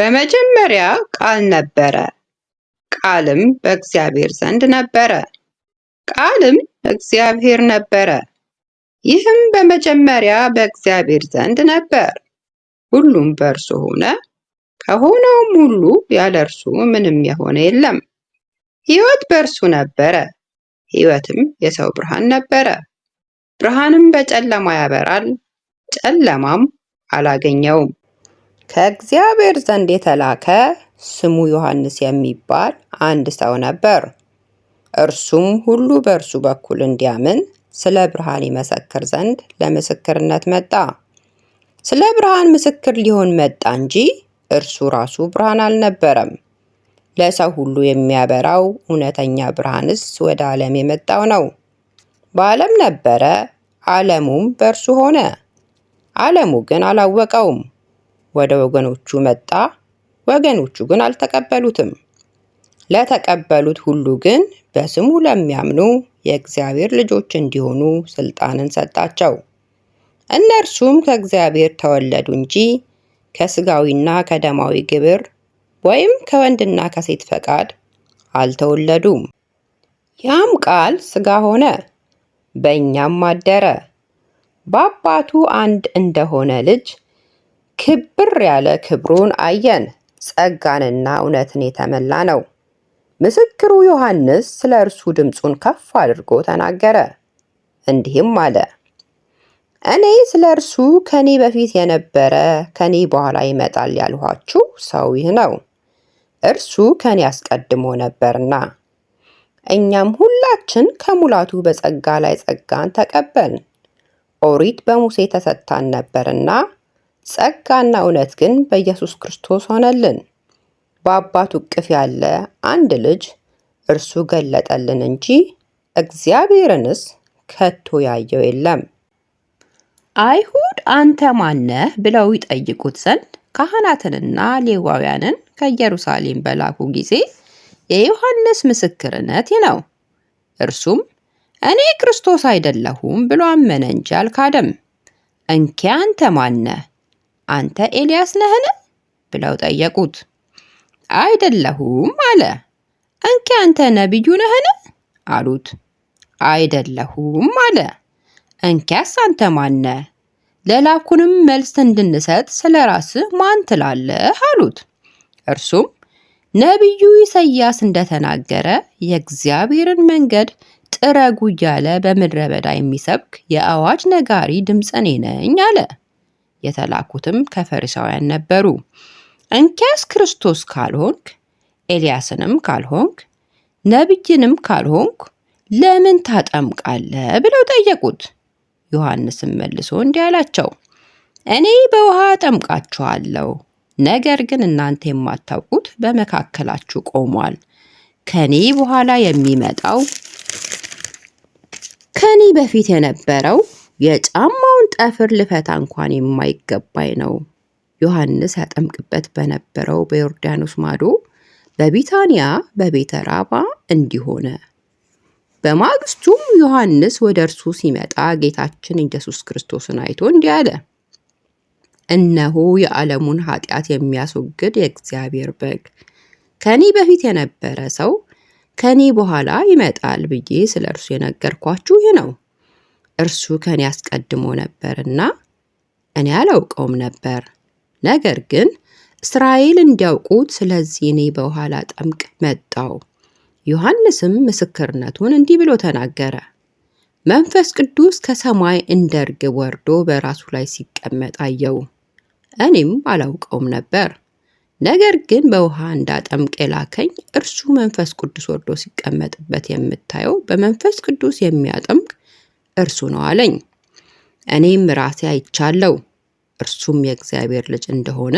በመጀመሪያ ቃል ነበረ፣ ቃልም በእግዚአብሔር ዘንድ ነበረ፣ ቃልም እግዚአብሔር ነበረ። ይህም በመጀመሪያ በእግዚአብሔር ዘንድ ነበር። ሁሉም በእርሱ ሆነ፣ ከሆነውም ሁሉ ያለ እርሱ ምንም የሆነ የለም። ሕይወት በእርሱ ነበረ፣ ሕይወትም የሰው ብርሃን ነበረ። ብርሃንም በጨለማ ያበራል፣ ጨለማም አላገኘውም። ከእግዚአብሔር ዘንድ የተላከ ስሙ ዮሐንስ የሚባል አንድ ሰው ነበር። እርሱም ሁሉ በእርሱ በኩል እንዲያምን ስለ ብርሃን ይመሰክር ዘንድ ለምስክርነት መጣ። ስለ ብርሃን ምስክር ሊሆን መጣ እንጂ እርሱ ራሱ ብርሃን አልነበረም። ለሰው ሁሉ የሚያበራው እውነተኛ ብርሃንስ ወደ ዓለም የመጣው ነው። በዓለም ነበረ፣ ዓለሙም በእርሱ ሆነ፣ ዓለሙ ግን አላወቀውም። ወደ ወገኖቹ መጣ፣ ወገኖቹ ግን አልተቀበሉትም። ለተቀበሉት ሁሉ ግን በስሙ ለሚያምኑ የእግዚአብሔር ልጆች እንዲሆኑ ስልጣንን ሰጣቸው። እነርሱም ከእግዚአብሔር ተወለዱ እንጂ ከስጋዊና ከደማዊ ግብር ወይም ከወንድና ከሴት ፈቃድ አልተወለዱም። ያም ቃል ስጋ ሆነ፣ በእኛም አደረ። በአባቱ አንድ እንደሆነ ልጅ ክብር ያለ ክብሩን አየን፣ ጸጋንና እውነትን የተመላ ነው። ምስክሩ ዮሐንስ ስለ እርሱ ድምፁን ከፍ አድርጎ ተናገረ፣ እንዲህም አለ እኔ ስለ እርሱ ከኔ በፊት የነበረ ከኔ በኋላ ይመጣል ያልኋችሁ ሰው ይህ ነው፣ እርሱ ከኔ አስቀድሞ ነበርና። እኛም ሁላችን ከሙላቱ በጸጋ ላይ ጸጋን ተቀበልን። ኦሪት በሙሴ ተሰጥታን ነበርና ጸጋና እውነት ግን በኢየሱስ ክርስቶስ ሆነልን። በአባቱ እቅፍ ያለ አንድ ልጅ እርሱ ገለጠልን እንጂ እግዚአብሔርንስ ከቶ ያየው የለም። አይሁድ አንተ ማነህ ብለው ይጠይቁት ዘንድ ካህናትንና ሌዋውያንን ከኢየሩሳሌም በላኩ ጊዜ የዮሐንስ ምስክርነት ነው። እርሱም እኔ ክርስቶስ አይደለሁም ብሎ አመነ እንጂ አልካደም። እንኪያ አንተ ማነህ አንተ ኤልያስ ነህን? ብለው ጠየቁት። አይደለሁም አለ። እንኪ አንተ ነቢዩ ነህን? አሉት። አይደለሁም አለ። እንኪያስ አንተ ማነ? ለላኩንም መልስ እንድንሰጥ ስለ ራስህ ማን ትላለህ? አሉት። እርሱም ነቢዩ ኢሳያስ እንደተናገረ የእግዚአብሔርን መንገድ ጥረጉ እያለ በምድረ በዳ የሚሰብክ የአዋጅ ነጋሪ ድምፅ እኔ ነኝ አለ። የተላኩትም ከፈሪሳውያን ነበሩ። እንኪያስ ክርስቶስ ካልሆንክ፣ ኤልያስንም ካልሆንክ፣ ነቢይንም ካልሆንክ ለምን ታጠምቃለ ብለው ጠየቁት። ዮሐንስም መልሶ እንዲህ አላቸው፣ እኔ በውሃ አጠምቃችኋለሁ፣ ነገር ግን እናንተ የማታውቁት በመካከላችሁ ቆሟል። ከኔ በኋላ የሚመጣው ከኔ በፊት የነበረው የጫማ ጠፍር ልፈታ እንኳን የማይገባኝ ነው። ዮሐንስ ያጠምቅበት በነበረው በዮርዳኖስ ማዶ በቢታንያ በቤተ ራባ እንዲሆነ በማግስቱም ዮሐንስ ወደ እርሱ ሲመጣ ጌታችን ኢየሱስ ክርስቶስን አይቶ እንዲህ አለ፣ እነሆ የዓለሙን ኃጢአት የሚያስወግድ የእግዚአብሔር በግ፣ ከኔ በፊት የነበረ ሰው ከኔ በኋላ ይመጣል ብዬ ስለ እርሱ የነገርኳችሁ ይህ ነው። እርሱ ከኔ አስቀድሞ ነበርና እኔ አላውቀውም ነበር። ነገር ግን እስራኤል እንዲያውቁት ስለዚህ እኔ በኋላ ጠምቅ መጣው። ዮሐንስም ምስክርነቱን እንዲህ ብሎ ተናገረ። መንፈስ ቅዱስ ከሰማይ እንደ ርግብ ወርዶ በራሱ ላይ ሲቀመጥ አየው። እኔም አላውቀውም ነበር። ነገር ግን በውሃ እንዳጠምቅ የላከኝ እርሱ መንፈስ ቅዱስ ወርዶ ሲቀመጥበት የምታየው በመንፈስ ቅዱስ የሚያጠምቅ እርሱ ነው አለኝ። እኔም ራሴ አይቻለው እርሱም የእግዚአብሔር ልጅ እንደሆነ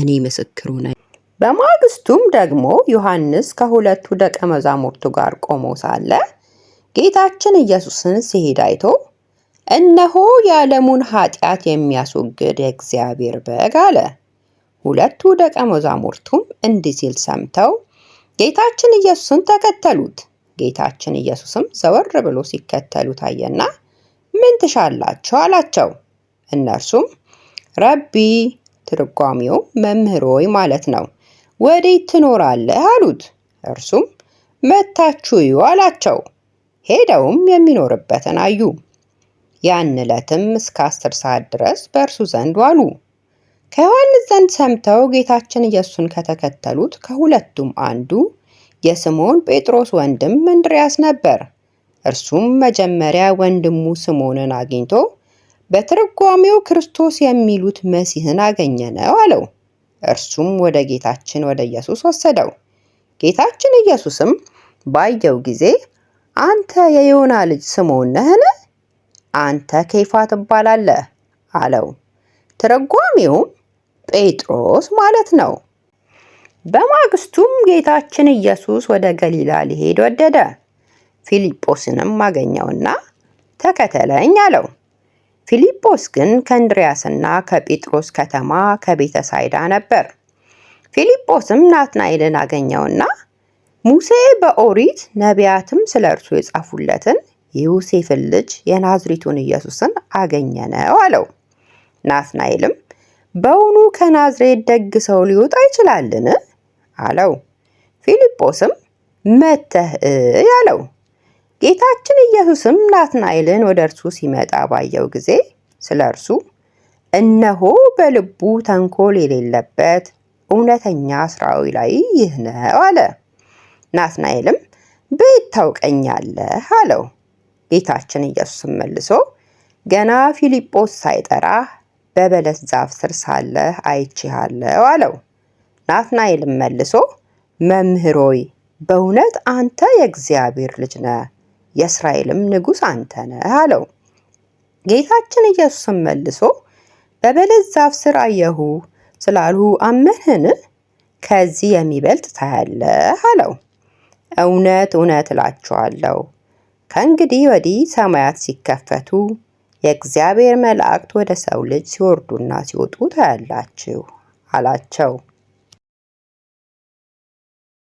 እኔ ምስክሩ ነኝ። በማግስቱም ደግሞ ዮሐንስ ከሁለቱ ደቀ መዛሙርቱ ጋር ቆሞ ሳለ ጌታችን ኢየሱስን ሲሄድ አይቶ እነሆ የዓለሙን ኃጢአት የሚያስወግድ የእግዚአብሔር በግ አለ። ሁለቱ ደቀ መዛሙርቱም እንዲህ ሲል ሰምተው ጌታችን ኢየሱስን ተከተሉት። ጌታችን ኢየሱስም ዘወር ብሎ ሲከተሉ ታየና ምን ትሻላችሁ አላቸው። እነርሱም ረቢ ትርጓሚው መምህር ሆይ ማለት ነው። ወዴት ትኖራለህ አሉት። እርሱም መታችሁ እዩ አላቸው። ሄደውም የሚኖርበትን አዩ። ያን ዕለትም እስከ አስር ሰዓት ድረስ በእርሱ ዘንድ ዋሉ። ከዮሐንስ ዘንድ ሰምተው ጌታችን ኢየሱስን ከተከተሉት ከሁለቱም አንዱ የስምዖን ጴጥሮስ ወንድም እንድርያስ ነበር። እርሱም መጀመሪያ ወንድሙ ስምዖንን አግኝቶ በትርጓሜው ክርስቶስ የሚሉት መሲህን አገኘ ነው አለው። እርሱም ወደ ጌታችን ወደ ኢየሱስ ወሰደው። ጌታችን ኢየሱስም ባየው ጊዜ አንተ የዮና ልጅ ስምዖን ነህን? አንተ ኬፋ ትባላለህ አለው። ትርጓሜውም ጴጥሮስ ማለት ነው። በማግስቱም ጌታችን ኢየሱስ ወደ ገሊላ ሊሄድ ወደደ። ፊልጶስንም አገኘውና ተከተለኝ አለው። ፊልጶስ ግን ከእንድርያስና ከጴጥሮስ ከተማ ከቤተ ሳይዳ ነበር። ፊልጶስም ናትናኤልን አገኘውና ሙሴ በኦሪት ነቢያትም ስለ እርሱ የጻፉለትን የዮሴፍን ልጅ የናዝሪቱን ኢየሱስን አገኘነው አለው። ናትናኤልም በውኑ ከናዝሬት ደግ ሰው ሊወጣ ይችላልን? አለው። ፊልጶስም መተህ እይ አለው። ጌታችን ኢየሱስም ናትናኤልን ወደ እርሱ ሲመጣ ባየው ጊዜ ስለ እርሱ እነሆ በልቡ ተንኮል የሌለበት እውነተኛ ስራዊ ላይ ይህ ነው አለ። ናትናኤልም በየት ታውቀኛለህ? አለው። ጌታችን ኢየሱስም መልሶ ገና ፊልጶስ ሳይጠራህ በበለስ ዛፍ ስር ሳለህ አይቼሃለሁ አለው። ናትናኤልም መልሶ መምህር ሆይ በእውነት አንተ የእግዚአብሔር ልጅ ነህ፣ የእስራኤልም ንጉሥ አንተ ነህ አለው። ጌታችን ኢየሱስም መልሶ በበለስ ዛፍ ስር አየሁ ስላልሁ አመንህን? ከዚህ የሚበልጥ ታያለህ አለው። እውነት እውነት እላችኋለሁ ከእንግዲህ ወዲህ ሰማያት ሲከፈቱ የእግዚአብሔር መላእክት ወደ ሰው ልጅ ሲወርዱና ሲወጡ ታያላችሁ አላቸው።